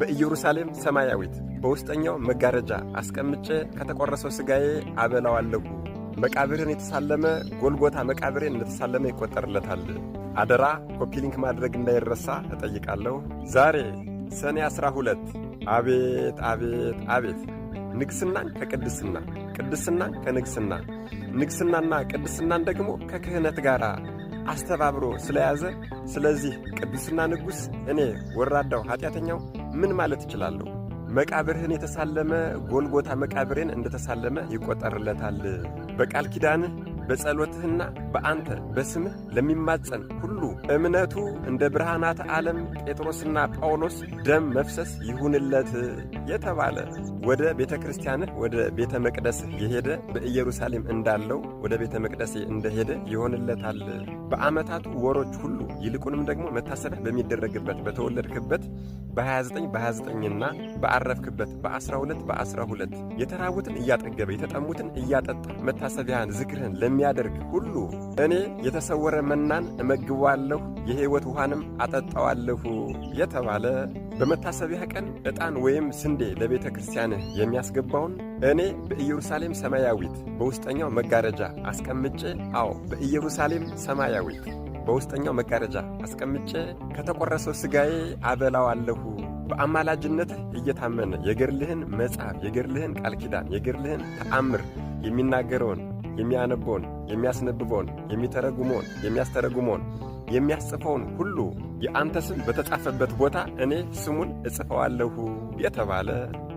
በኢየሩሳሌም ሰማያዊት በውስጠኛው መጋረጃ አስቀምጬ ከተቆረሰው ሥጋዬ አበላዋለሁ። መቃብርን የተሳለመ ጎልጎታ መቃብሬን እንደተሳለመ ይቆጠርለታል። አደራ ኮፒሊንክ ማድረግ እንዳይረሳ እጠይቃለሁ። ዛሬ ሰኔ ዐሥራ ሁለት አቤት አቤት አቤት ንግሥናን ከቅድስና ቅድስናን ከንግሥና ንግሥናና ቅድስናን ደግሞ ከክህነት ጋር አስተባብሮ ስለያዘ ስለዚህ ቅዱስና ንጉሥ እኔ ወራዳው ኀጢአተኛው ምን ማለት እችላለሁ? መቃብርህን የተሳለመ ጎልጎታ መቃብሬን እንደተሳለመ ይቆጠርለታል። በቃል ኪዳንህ በጸሎትህና በአንተ በስምህ ለሚማጸን ሁሉ እምነቱ እንደ ብርሃናት ዓለም ጴጥሮስና ጳውሎስ ደም መፍሰስ ይሁንለት የተባለ ወደ ቤተ ክርስቲያንህ ወደ ቤተ መቅደስህ የሄደ በኢየሩሳሌም እንዳለው ወደ ቤተ መቅደሴ እንደሄደ ይሆንለታል። በዓመታቱ ወሮች ሁሉ ይልቁንም ደግሞ መታሰቢያ በሚደረግበት በተወለድክበት በ29 በ29ና በአረፍክበት በ12 በ12 የተራቡትን እያጠገበ የተጠሙትን እያጠጣ መታሰቢያን ዝክርህን ለሚያደርግ ሁሉ እኔ የተሰወረ መናን እመግበዋለሁ፣ የሕይወት ውሃንም አጠጣዋለሁ የተባለ በመታሰቢያ ቀን ዕጣን ወይም ስንዴ ለቤተ ክርስቲያንህ የሚያስገባውን እኔ በኢየሩሳሌም ሰማያዊት በውስጠኛው መጋረጃ አስቀምጬ፣ አዎ በኢየሩሳሌም ሰማያዊት በውስጠኛው መጋረጃ አስቀምጬ ከተቆረሰው ሥጋዬ አበላዋለሁ። በአማላጅነትህ እየታመነ የገድልህን መጽሐፍ፣ የገድልህን ቃል ኪዳን፣ የገድልህን ተአምር የሚናገረውን የሚያነበውን፣ የሚያስነብበውን፣ የሚተረጉመውን፣ የሚያስተረጉመውን፣ የሚያስጽፈውን ሁሉ የአንተ ስም በተጻፈበት ቦታ እኔ ስሙን እጽፈዋለሁ የተባለ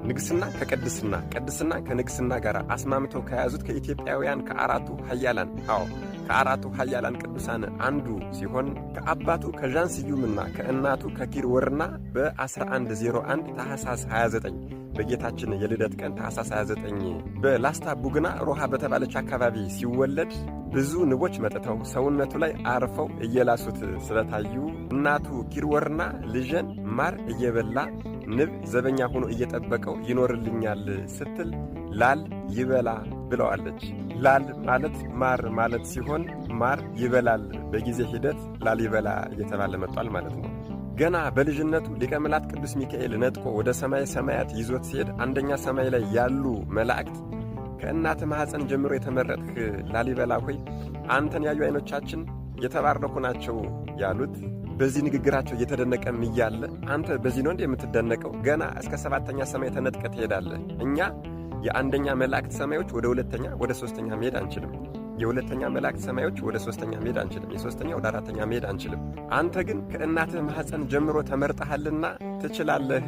ንግስና ከቅድስና ቅድስና ከንግስና ጋር አስማምተው ከያዙት ከኢትዮጵያውያን ከአራቱ ኃያላን አዎ ከአራቱ ኃያላን ቅዱሳን አንዱ ሲሆን ከአባቱ ከዣን ስዩምና ከእናቱ ከኪር ወርና በ1101 ታህሳስ 29 በጌታችን የልደት ቀን ታህሳስ 29 በላስታ ቡግና ሮሃ በተባለች አካባቢ ሲወለድ ብዙ ንቦች መጥተው ሰውነቱ ላይ አርፈው እየላሱት ስለታዩ እናቱ ኪርወርና ልጄን ማር እየበላ ንብ ዘበኛ ሆኖ እየጠበቀው ይኖርልኛል ስትል ላል ይበላ ብለዋለች። ላል ማለት ማር ማለት ሲሆን ማር ይበላል በጊዜ ሂደት ላሊበላ እየተባለ መጥቷል ማለት ነው። ገና በልጅነቱ ሊቀ መላእክት ቅዱስ ሚካኤል ነጥቆ ወደ ሰማይ ሰማያት ይዞት ሲሄድ አንደኛ ሰማይ ላይ ያሉ መላእክት ከእናት ማኅፀን ጀምሮ የተመረጥህ ላሊበላ ሆይ አንተን ያዩ ዐይኖቻችን የተባረኩ ናቸው ያሉት በዚህ ንግግራቸው እየተደነቀም እያለ አንተ በዚህ ነው እንዴ የምትደነቀው? ገና እስከ ሰባተኛ ሰማይ ተነጥቀ ትሄዳለህ። እኛ የአንደኛ መላእክት ሰማዮች ወደ ሁለተኛ ወደ ሶስተኛ መሄድ አንችልም። የሁለተኛ መላእክት ሰማዮች ወደ ሶስተኛ መሄድ አንችልም። የሶስተኛ ወደ አራተኛ መሄድ አንችልም። አንተ ግን ከእናትህ ማኅፀን ጀምሮ ተመርጠሃልና ትችላለህ።